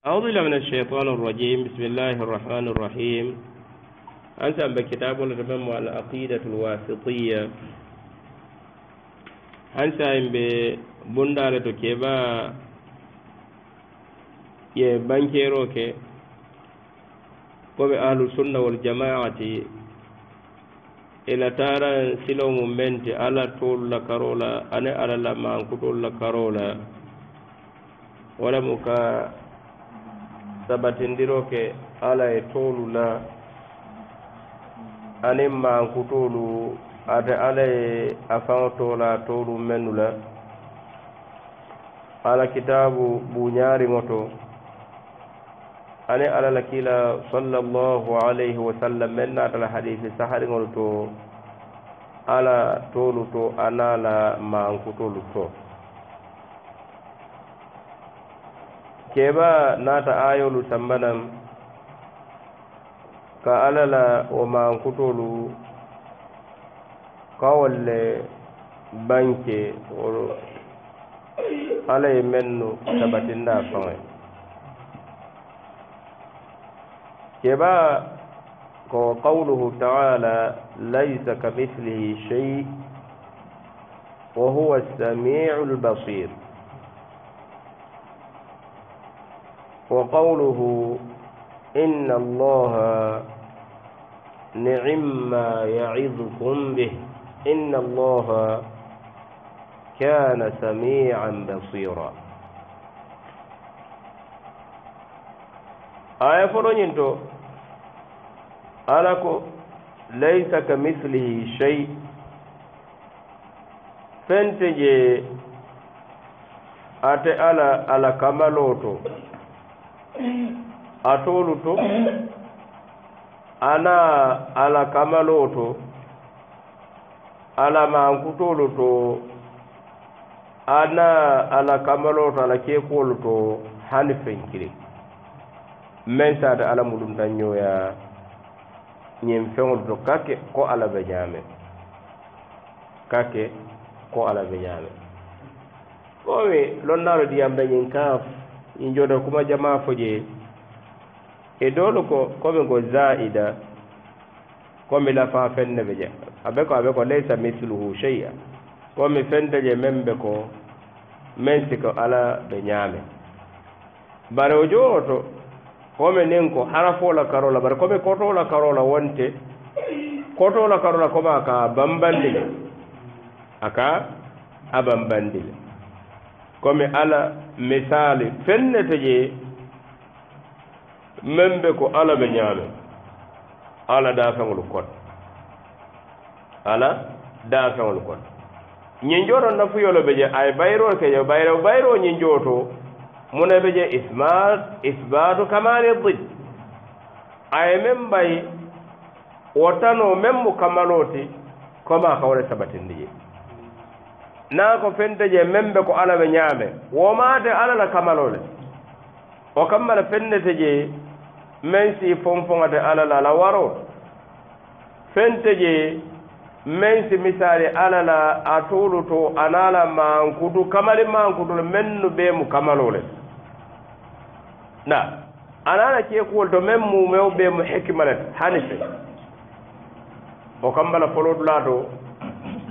أعوذ بالله من الشيطان الرجيم بسم الله الرحمن الرحيم أنت أم بكتاب لتمم العقيدة الواسطية أنت أم ببندالة كيبا ye bankero ke koɓe ahlusunna wal jamaati ila taran silomu mente ala tolu la karola ane alala mankutolu la karola wala mo ka sabatindiroke ala ye toolu la aniŋ maankutoolu ate ala ye a faŋo toola toolu mennu la ala kitaabu buuñaariŋo to ani ala la kiila sallallahu alayhi wa sallam meŋ naata la hadisi sahariŋolu to ala toolu to anala la maankutoolu to keɓa naata ayolu sambanam ka ala la wo mankutolu kawolle banke wolo ala ye men nu sabatinda faŋe keɓa ko qawluhu taala laisa ka mislihi shay wa huwa samiu lbasir وقوله إن الله نعم ما يعظكم به إن الله كان سميعا بصيرا aya foloñin to ala ko laysa shay fente je ate ala ala kamaloo a tolu to ana ala kamalo to ala mankutolu to ana ala kamalo to ala kekolu to hani fenkiri men sade ala muɗum tanñoya ñin feŋolu to kake ko ala be ñame kake ko ala be ñame bomi lonnaro ndiyam da ñin kaf in joɗo kuma jama foje e dolo ko komi ko zaida komi fa fenne beje je ko aɓe ko laysa misluhu shey'a komi fende je men ɓe ko men siko ala ɓe ñaame bare o jooto komi nin ko harafola karola bare koto kotola karola wonte kotola karola koma ka bambandile aka abambandi bambandile komi ala misali fennete je men be ko ala ɓe ñaame ala daafeŋol kon ala daafeŋol kon ñinjooto nafuyolo ɓe je ay bayroo keje bayro bayroo ñinjooto mune ɓe je ismat isbatu kamali did aye men mbay wo tano men mo kamaloti koma kawre sabatindi je naa ko fende je membe ko alaɓe ñaame womaade alala kamalole o kammala fennete je men si fonfoŋate alala la waro fente je men si misali alala a tuulu to anaala mankudu kamali mankudule men nu ɓeemu kamalole na anaala ceekuwol to men mumew ɓeemu hikimalet hani fe o kammala folotulaa to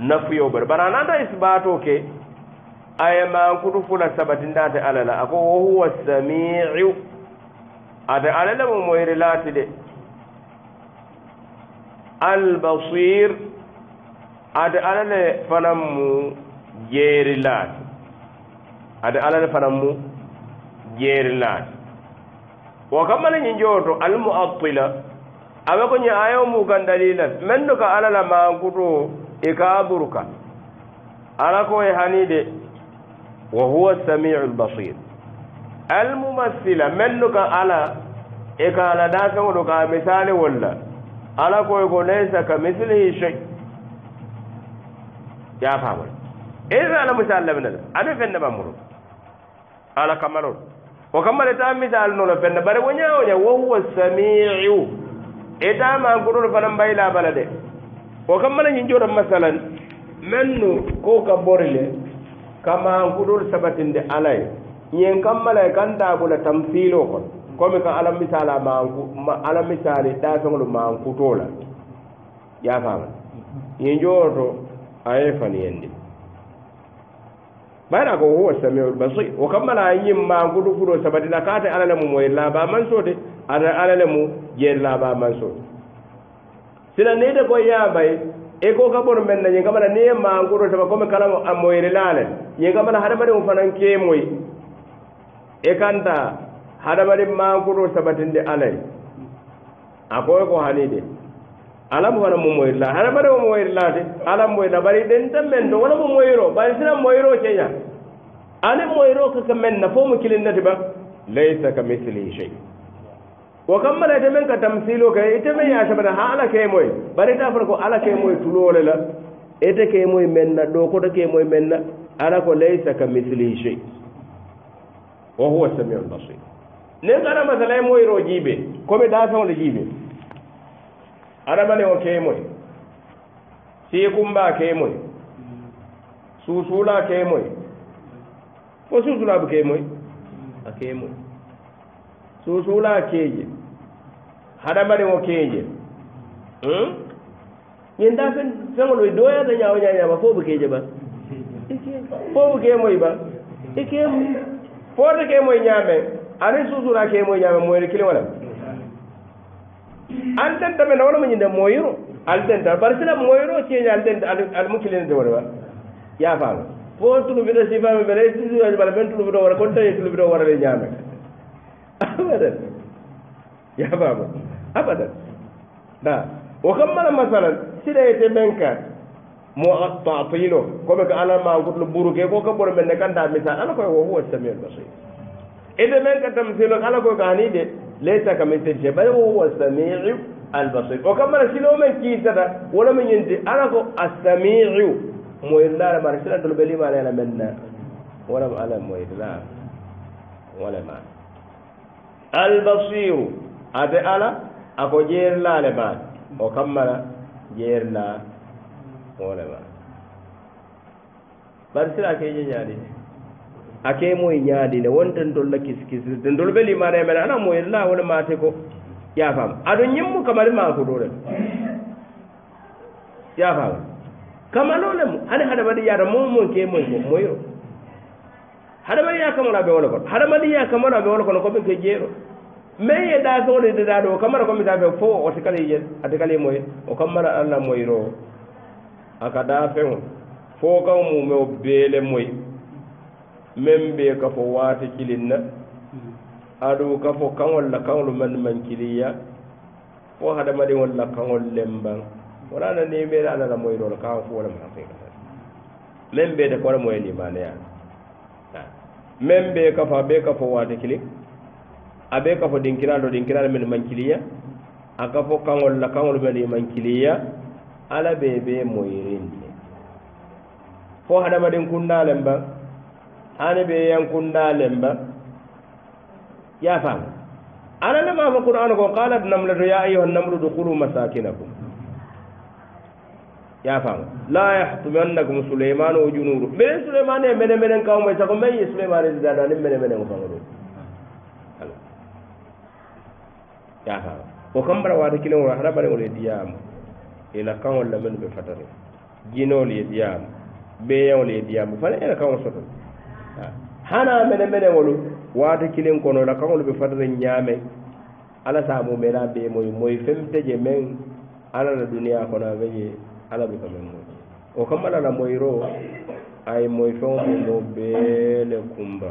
na nafuyo bar bara nata isbato ke aye mankutu fula ta alala ako huwa samiu ate alala mu moyri lati de albasir ate alale fanan mu jeeri a ate alale fanan mu jeeri laati wo kammala ñin jowoto almuattila a ko ñi ayo mu kan men do ka alala mankuto i kaa buruka ala ko e hani de wa huwa samiu lbasir almumassila mennu ka ala i ka ala daafeŋo ɗo kaa misaali wolla ala koye ko laysa ka mislihi chey ya faamola ina ala misal lamina la aɓe fenne mamuru ala kamalol wo kammala taa misal nolo fenne bare wo ñawoña wo huwa samiu itamankuɗol fanan mbayla bala de ko kam mana ñin jooɗo masalan mennu ko ka bori le kama huɗol sabatinde alay ñin kam malay kan daagula tam fiilo kon comme ka ala misala maanku ma ala misali ɗaasoŋolu maankutoola yaafaama ñin jooto aye faniyendi bayna ko huwa samiul basir wo kam mala ñin maankutu fuɗo sabatinde kaate alale mu moyi laaba man soode ada alale mu jeeri laaba man soode sila niita ko yaabay e ko ka ɓoto men na ñiŋ kamata ni ye maankuro saba comme kala a moyirilaale ñiŋ kamata hadamadin fanaŋ kee moyi e kanta hadamadin maankuro sabatindi alay a koye ko hani de alamu fana mu moyirila hadamadin o moyirilaati ala moyirila bari denta men to wala mu moyiro bari sina moyiro keña ani moyiro kaka men na fo mu kilinnati ba laysa ka mislihi chey ko kam mala ite men ka tamsilo ke ite men yasabata ha ala keemoye bari ta fota ko ala keemoye tuloole la ite keemoye menna ɗo kota keemoye menna ala ko laysa ka mislihi chey wa huwa samiu lbasir nen ara masala e moyro jiibe komi ɗaafeole jiibe aramane o keemoy siikumba keemoy suusuula keemoy fo suusulaabu keemoy a keemoy susula keje hada mari mo keje hmm yen da fen fen lo do ya da nyaa nyaa ba fobu keje ba fobu ke moy ba ike fodo ke moy nyaame ani susula ke moy nyaame moy rekile wala anten tamen wala mo nyinde moyo alten ta barisila moyro keje alten al mukile ne de wala ya faa fo tunu bi da sifa me bele tunu bi da wala kon tay tunu bi da wala le nyaame أبدا يا بابا أبدا لا وكمل مثلا سيدة يتبنك تعطيله كما على ما قلت له بروكي كوكا بور من كان مثال أنا كوي وهو السميع البصير إذا من تمثيلك أنا كوي كاني دي ليس كمثل شيء بل وهو السميع البصير وكمل سيلو من كيسة ولا من ينتي أنا كو السميع مويلا لما رسلت البليم علينا منا ولا على مويلا ولا ما albasiru ate ala ako jeerlaale baan o kammana jeerla wole baan bari sira akeje ñaaɗine ake moye ñaaɗine wonten tolla kiskisirde ndol ɓe limane mene ana moyerla wole maate ko yafama aɗo ñimmo kamari maakuɗole yafama kamalolemo ani haɗa waɗi yaata mo moon ke moy ko moyro hadamaɗi yakamona ɓe wona kono haɗamaɗi yakamona ɓe wona kono komin ke jeeɗo mais ye ɗa sohlede e ɗa ɗo kamara komi ta fe fo ote kala e- yel ate kala e moye o kammara allah moyro aka da feŋo fo kam mume o beele moy min ɓe ka fo waate cilinna aɗu ka fo kaŋolla kaŋolu man man ciliya fo haɗamaɗi wolla kaŋol lembaŋ wona nanimeɗe anala moyrola kaan fo wolema hakika min ɓeyde ko wala moye limaneyaa meme ɓe kafo a ɓe kafo wata kili a ɓe kafo ɗinkiraɗo ɗinkiraɗo men mankiliya a kafo kaŋol la kaŋol men mankiliya ala ɓe ɓe moyirinde fo haɗamaɗin kundalen ba ani ɓe yan kundalen ba yafama ala le mama kur'ana ko qalat namle to ya ayuha namlu dukulu masakinakum yafama la yahtumannakum souleymanu wa junudu mbeɗen souleymane e mene menen kaw may e sako mayye souleymane dadani mene menen o fango ɗum ala yafama o kam mbara wata kilen ol hara ɓareol yediyama ila e kawol lamen ɓe fatare jinol yediyama ɓeyawol yediyama fane ena kawol soton hana mene menen olu wata kilen kono la kawol ɓe fatare ñaame ala saamumena ɓe moy moy femteje men alala duniya kono aveje ala be ka men moyi o kammala la moyiro ay moy feŋo mundo bee le kumba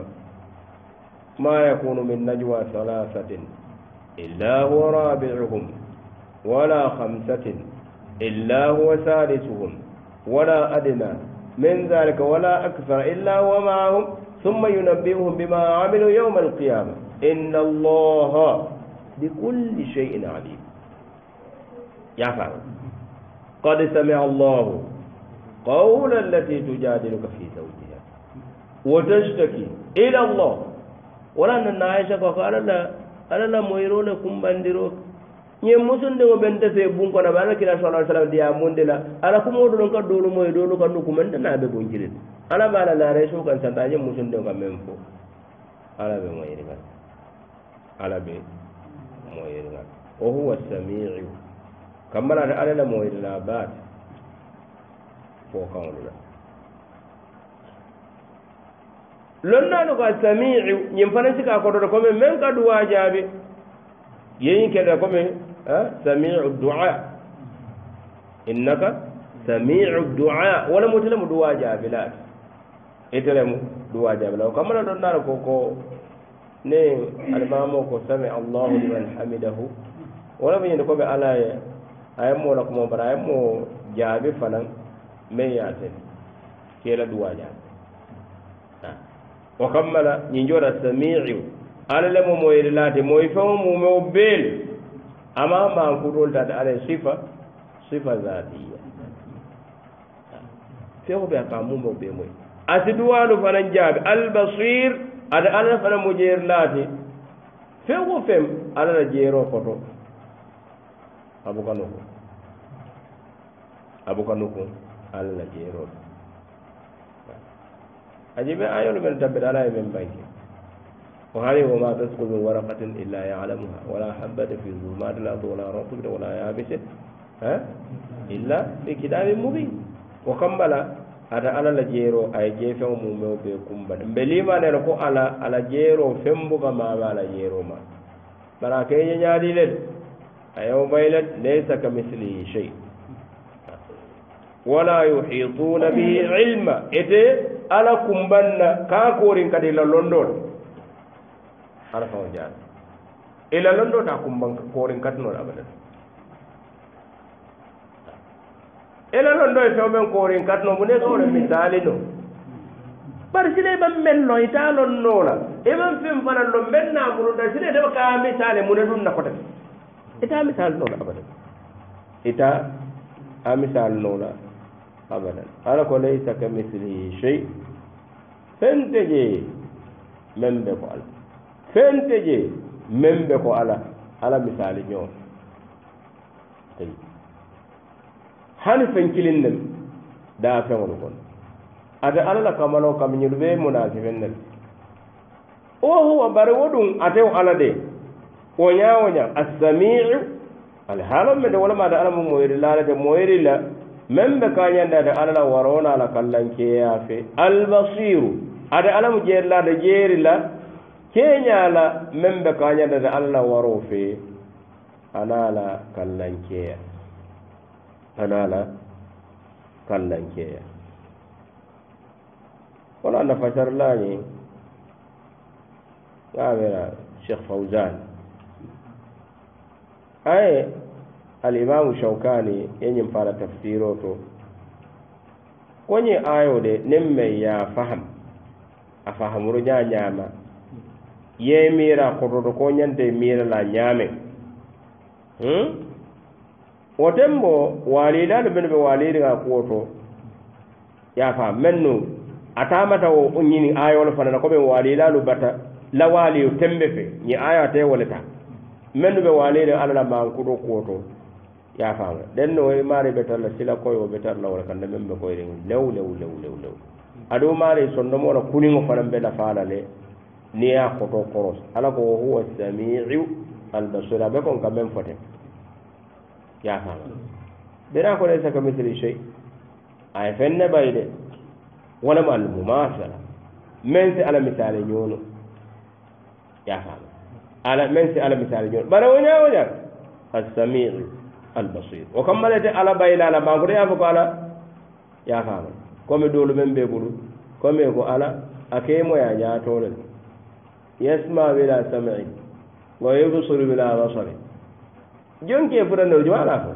ma yakunu min najwa salasatin illa huwa rabiuhum wala hamsatin illa huwa salisuhum wala adna min dhalika wala akthara illa huwa maahum ثم ينبئهم بما عملوا يوم القيامة إن الله بكل شيء عليم يا فاهم qad samia allahu qawla allati tujadiluka fi zawjiha wa tashtaki ila allah wala nanna aicha koko alala alala moyirole kumbandiro ñen musundego ɓente fe bunkonaɓe ala kira saa sallam diya mundila ala kumoɗoɗon ka dolu moye dolu kandu kumandenaɓe bonciren ala ɓe ala laare sokan santa ñen musundego ka men fo ala ɓe moyirgal ala ɓe moyirgal o huwa samiu kamma nata alala moyirna e baade fo kanoluna lonnaɗo ko a samiu ñin fana sika kototo komin min ka duwajaɓe yeyi keɗa komin samiu dua innaka samiu dua wala mo telemo duwajaɓe laade itelemo duwajaɓe la e kamma na ɗonnaɗo koko ni almamo ko sami allahu liman hamidahu wala mo ñinde komi alaye ayemmo la kumo bara ayemmo jaabi fanan men yaten kela duwajaa wa kammala ñinjoota samiiu ala le momo yele laate moyi fewo mumeo beel ama mankutol tade ala sifa sifa zatiya fewo ɓe aka mumeo ɓe moy asi duwaalu fanan jaabi albasir ada ala fana mo jeer laate fewo fem alala jeero koto abukanuku abukanuku allah na jeerol aji ɓe ayolu men dabbe ɗa ala e men banke o haami wo ma tasku min warakatin illa yalamuha wala habbata fi zulmati lardi wala rakubita wala yabiset a illa fi kitabin mubin o kambala ata ala la jeero ay jeefeŋo e mumeo be kumbata mbe lima nena ko ala ala jeero fembuga mama ala jeero ma bara keñe ñaadi lel ayomailan laysa ka mislihi shay wala yuhituna bihi ilma ete ala kumbanna kakorin kadi la londole ala fao jaan ila londota kumban korin katnol abadan ila londo e fewmen korin katno mune sore misali no bari sine ɓan menno ita lonnola eman fen fana lo mennagurunda sine deɓa ka misali mune ɗum nakotake état misal noona abadan état a misal noona abadan ala ko laysa ka mislihi chey fente je men be ko ala fente je men be ko ala ala misali ñoon ay hani fen kilinnen da feŋol kon ate ala la kamano kam ñilu ɓe munaki fen nen o howa bare wo ɗum atew ala de oñawoña assamiu ala haalomme de wala mada alamu moyri laalade moyri la meme ɓe kañandeade ala la waronala kallankeyaafe albasiru ade alamu jeerlaade jeeri la keñala men ɓe kañandeade ala la waro fe anala kallankeya anala kallankeya wala nafasarlañi gaɓena cheikh fawzane aye alimamu shaukani yenye mfara tafsiro to kwenye ayo de nin ya faham a fahamuru nya nyama ye mira kototo ko nyande mira la nyame hmm? woten bo walilalu men be waliriŋa kuwo to ya faham mennu nu atamata wo ñini ayolu fanana komin walilalu bata la wali tembe fe ñi ayo ate wo ta mennu ɓe waali ne alla la mankuɗo kuwoto yafama den no way maari ɓe tarla sila koyo ɓe tarla wala kamnde men ɓe koyre lew lew lew lew lew aɗo maari sonnomola kuningo fanan ɓe nafaala le niya koto koros ala ko howa samiu albasori aɓe kon kam men fote yafama ɓera ko ɗay saka misri soy aye fenne ɓay de walamo allamu masala men si ala misale ñono yafama ala men si ala misali ñoon bara woña woña assamiru albasir o kammalete ala baylala mbankoto yaafo ko ala yaafama komi doolu men ɓe ɓolu komi ko ala a keymoya ñatolel yasma wila samai go yubsiru wila basari jonkie furanne o jomaala fo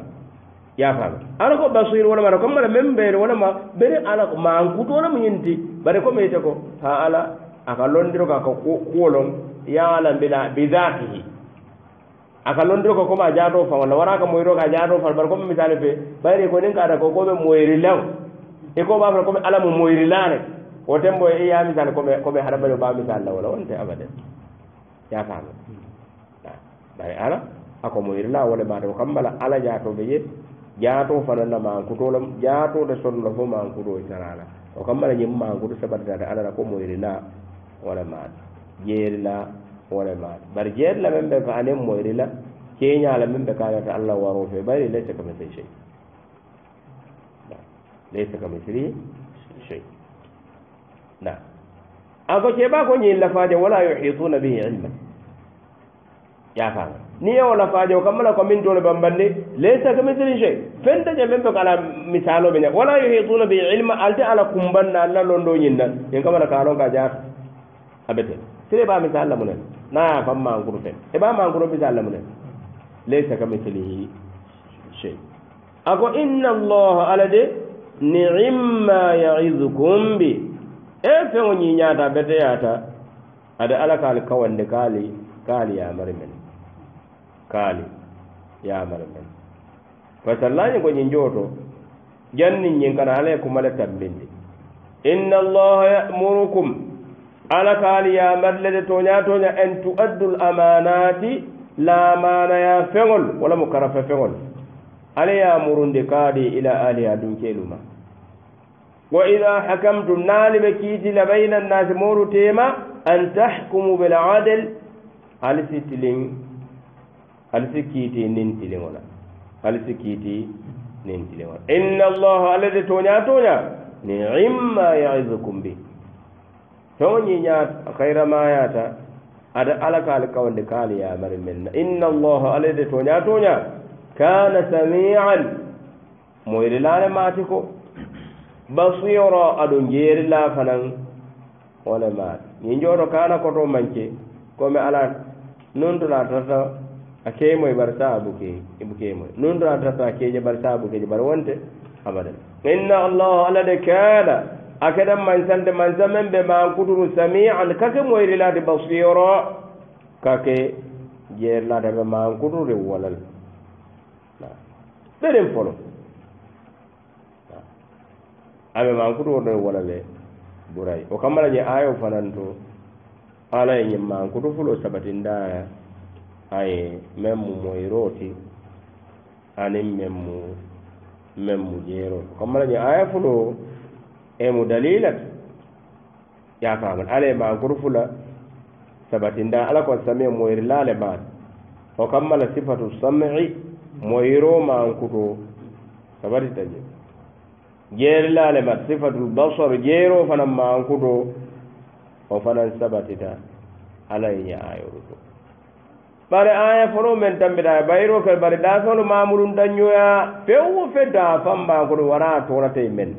yaafama ala ko basir wona mata kommala men ɓeyde wonama ɓere ala mankutolamo ñinti bare komi yite ko ha ala aka londiro ko aka kuwolon ku yalam bila bi dhatihi aka londiro ko koma jaato fawa la waraka moyro ka jaato fawa bar ko mi misale fe bayri ko nin ka da ko ko be moyri law e ko ba ko be ala mo moyri lare o tembo e ya misale ko be ko be hada bayo ba misale law la wonte abade ya ka no bari ala ako moyri la wala ba do kambala ala jaato be ye jaato fawa na ma kutolam jaato de sonno fo ma kutoy tarala o kambala nyim ma kutu sabata da ala ko moyri la wala ma jeerila wole maata bari jeerila men be ka aniŋ moyirila keeñaa la men be ka alata Allah waro fe bari le ka misli shey laysa ka misli shey na a ko ceebaa ko ñiŋ lafaade wala yuhituna bi ilma yaafaama niŋ ye wo lafaaje o ko mala ko min miŋ toolu bambandi laysa ka misli shey fenta je men be ko misalo be mine wala yuhituna bi ilma alta ala kumbanna alla londo ñiŋ na ñiŋ kamma la ka a ka jaata a kile ba misal la munen na ya fam mangoro fen e ba mangoro misal la munen laysa ka mislihi shay ako inna allah ala de ni'imma ya'idukum bi e feŋo ñiñata bete yata ada ala kaali kawande kaali kaali yamar men kaali yamar men pasallañi ko ñin jooto jannin ñin kana ala e kumale tambindi inna allah yamurukum ala kaali yamarle de toñatoña en tuaddu l amanati lamanaya feŋol wala mo karafe feŋol ala yamurundi kaadi ila aliya dunkeluma wa ida hakamtum naali ɓe kiitila bayna nnasi moru tema an tahkumu belcadel halisi tilin halisi kiiti nin tiliŋola halisi kiiti nin tiliŋola inna allaha ala de toña toña ni imma yaizukum bih tow ñiñaat hayramayata ada alakaali kawnde kaali yamari men na inna allaha ala de toña toña kana samian moyri laane maati ko basira aɗo jeeri laa fanan wone maati ñinjooto kana koto manke komi ala nundula tata a keymoye bar saabuke bukeymoye nundula tata a keeje bar saabukeje bar wonte abadan inna allaha ala de kaana a keɗa mansande mansa men ɓe ma kuturu samian kake moyrilade basiro kake jeerlade ɓe ma kuturi walal ɗeɗen fono aɓe ma kutuwore walale ɓuray o kammala ñe ayo fananto alaye ñin ma kutu fulo sabatinda aye men mu moyroti anin men mu men mu jeero o kammala ñe aya fulo emu eh, dalilatu ya faman ala e mankurfula sabatinda ala kon samia moyirila le ba o kammala sifatu sam'i ma mankuto sabati je jeerila lale bat sifatu basar jeero fana mankuto o fanan sabatita ala ya ñaayoru bare aya fono men tambita bayro kel bare dasolu mamudum dañoya fewo fe da fambankoto wara tonate men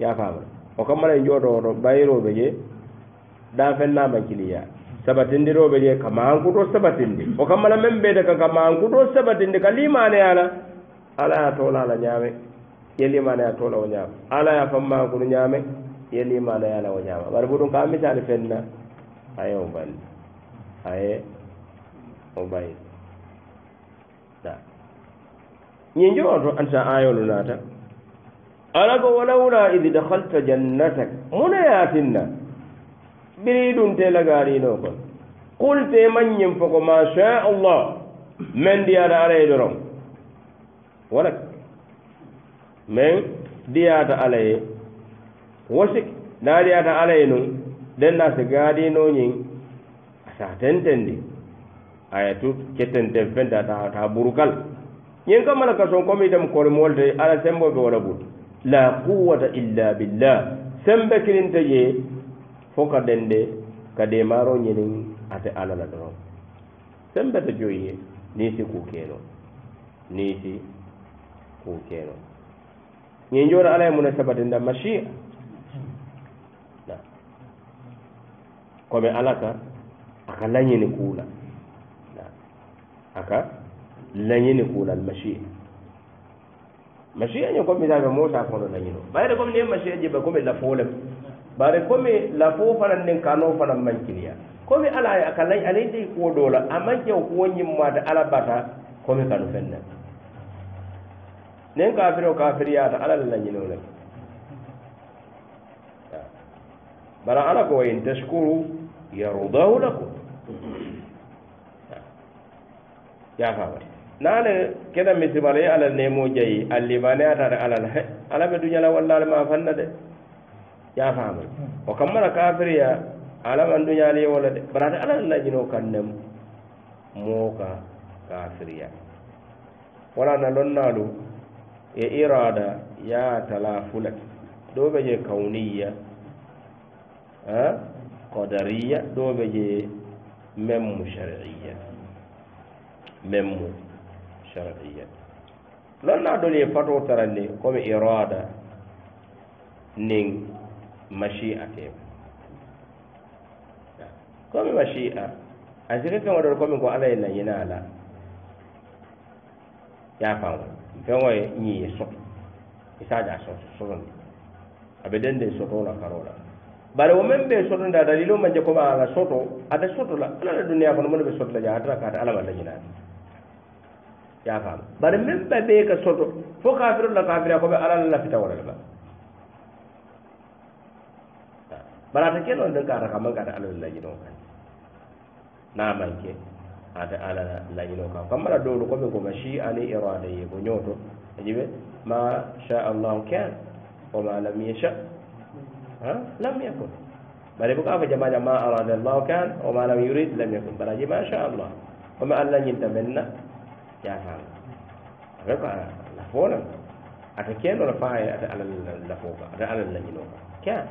yafama o kammala e jootowoto bayroɓe je danfennamankiliya sabatindiroɓe je ka mankuto sabatindi o kammala men beyde kan ka mankuto sabatindi ka limaneyala ala ya tolaala ñaame ye limaneya tola o ñaama ala ya fam mankuru ñaame ye limaneyala o ñaama wari ɓuɗum ka misali fenna aye o bandi aye o bayi ñin jooto anta ayolu naata alago walawla id dahalta jannatak muna yaatinna biriidunte lagaarino kon qulte mañin fogo ma sha allah men ndiyaata alaye doron walak men ndiyaata alaye wosik na ndiyaata alaye nun denna si gaadinoñin asa tentendi aya tut kettenten fenta taa buru kal ñin kamalaka son comitem kori moolte ala sembo ɓe wala buti la quwata illa billah sembe kininte ye fo ka dende ka demaro ñinin ate ala la doron sembe ta joyi ye niisi ku keno niisi ku keno ñin jona ala ye mune sabatinda machia comme ala ka aka lañini kuula a ka lañini kuulal machia masiya ño comme misaɓe mosa fono nañino ɓayre comme nien masiya jibba comme e lafolem ɓare comme e lafo fanan nen kano fana mankiliya comme e ala kalay alay de kuwo ɗola amanke kuwo ñimmade ala bata comme kanu fenne nen kafire o kafire yata ala la nañinole bara ala ko in taskuru yarudahu lakum yafamati naane kena misibalo ye alal nemo jayi allimane atare alal he ala ɓe duñala wallaale ma fanna de yafama o kammara kafiriya alaman duñali ye walla de barate alal lajino kan nem mooka kafiriya wala na lonnaalu e irada ya tala fula ɗo ɓe je kawniya a kodariya ɗo ɓe je memmu shariya memmu charaiyan non naɗon e fato taranne comme irada nin machi'ate comme machi'a asiri kama ɗon comme ko alaye nañina ala yafango fegoye ñiye soto isaaja e soto sotondi aɓe dende sotola karola bare wo men ɓe sotonde a dalilo manje comme ala soto ada sotola alala duniya kono mono ɓe sotola ja hatata kaata alama lañinaade ya fam bare min ba be ka soto fo kafiru la kafira ko be ala la fita wala ba bara ta ke non ka raka man ka da ala la jino kan na man ke ada ala la jino kan kamara do ko be ko mashi ani irada ye ko nyoto ajibe ma sha Allah kan wa ma lam yasha ha lam yakun bare ko ka fa jama'a ma arada Allah kan wa ma lam yurid lam yakun bara ji ma sha Allah وما أن ينتمنا jahal reba la fona ata keno la faye ata alal la foka ata alal la nyino ka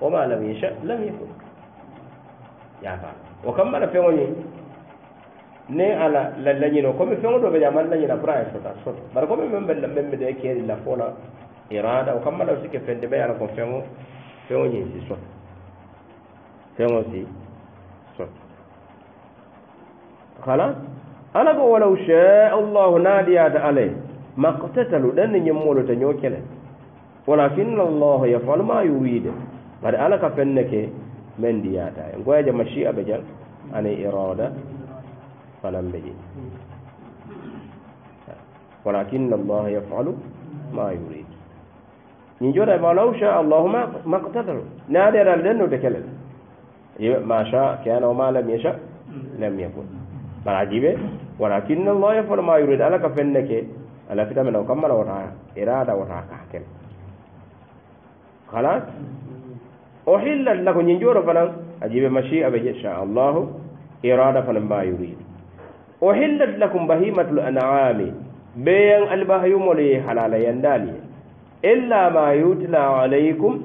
wa ma lam yasha lam yakun ya fa wa kamala fe woni ne ala la la nyino ko mi fengo do be jamal la nyina pra sota sota bar ko mi membe la membe de keri la fona irada wa kamala sike fende be ala ko fengo fengo nyi si sota fengo si sota خلاص ala go walaw chaa llahu naaɗiyaada alay ma qtatalu ɗen ne ñemmolo ta ñookele walakinna llaha yafal ma yuriide bare ala ka fenne ke men ndiyaata e goyaja ma chi a ɓe jal ana irada fanan ɓe ƴin walakinna llaha yafalu ma yuriid ñin jooɗa walaw chaa allahu ma qtatalu naaɗiyaada ala ɗen no de kelel ma cha kanao ma lam yacha lam yakun bara jiɓe walakinna allah yafal ma yurid ala ka fenne ke alafitamene o kammala wata irada wata kaken halas o hillat lako ñinjooro fanan a jiɓe machi aɓe je sha allahu irada fana ma yurid o hillat lakum bahimatul anami ɓeyan albahayumol ye halala yandaliye illa ma yutla alaykum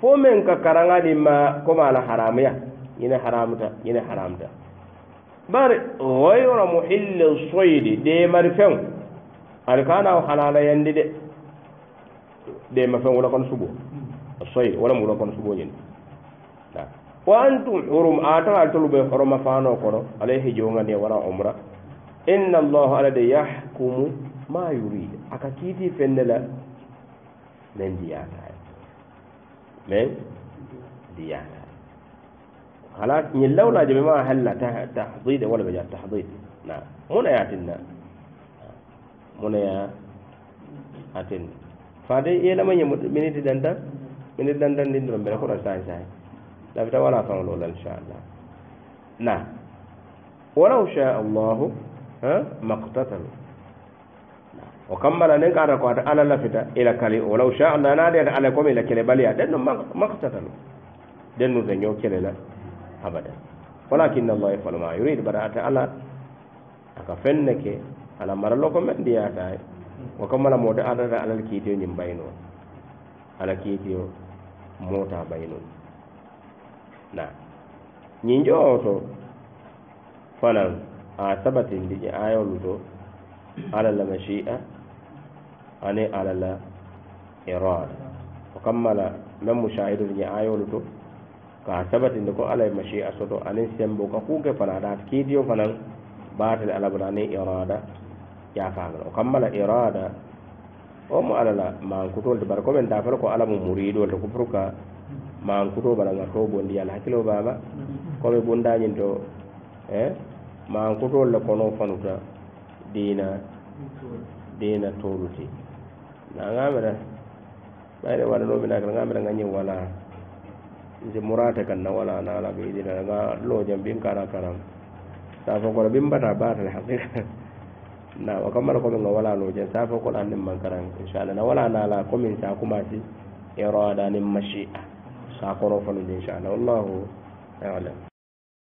fo men ka karaŋa ɗin ma komala haramuya ñine haramuta ñine haramuta bare hoyra muhille soyde ɗemari feŋ ari kana o halala yandi de ɗema feŋ wula kono subo soyde wala mo wula kono suboñin wa antum hurum ataal toluɓe horoma fano kono alayhi jongani wala umra inna allah ala de yahkumu ma yurid aka kiiti fenne la men diyata mais diyata hala ñillawlaje ɓe ma hella tahdide wala ɓe jaa tahdid na munaya atinna munaya atinna fade yelamaña miniti dan tan miniti dan tan ndinɗo mbele koɗon sahi sahi lafita wala fanlola inchallah na walaw sha allahu ma qtatalu o kammala nden kaata ko ata ala lafita ila kali walaw sha allah naadi ata ala komi ila kele baliya ɗen no ma qtatalu ɗen nude ño kelela abadan walakinna allah yafalu ma yurid bara ate ala aka fenne ke ala maralo e. ko men ndiyatay wokam ala mode adata alal kiitoyo ndi mbayno ala kiitoyo moota bayno na ñinjo oto fanan a sabatindi ƴe ayoluto ala la machia ani ala la irada wokam mala men mo shahidol ƴe ayoluto ka sabatinde ko alaye masi a soto anin sembo ka kuuke fanaɗaat kiidiyo fanan baatel ala bona anin irada yakaagal o kammala irada o mo ala la mankutolde bara comme en dafal ko ala mo muriɗolde ko pour qua mankuto baɗanga to bondi yal hakkilo baba comme bundañin to e mankutolde kono fanuta dina dina toluti nagameɗa ɓayde waɗanoɓinakal gameɗa gañin wala nje murata kanna wala na ala bi dina ga jam bin kara karam ta fa ko bin bata bata al haqiqa na wa kamar ko min wala lojam ta fa ko an man karan insha Allah na wala na la ko min ta kuma si irada nim mashi sa ko ro fa insha Allah wallahu a'lam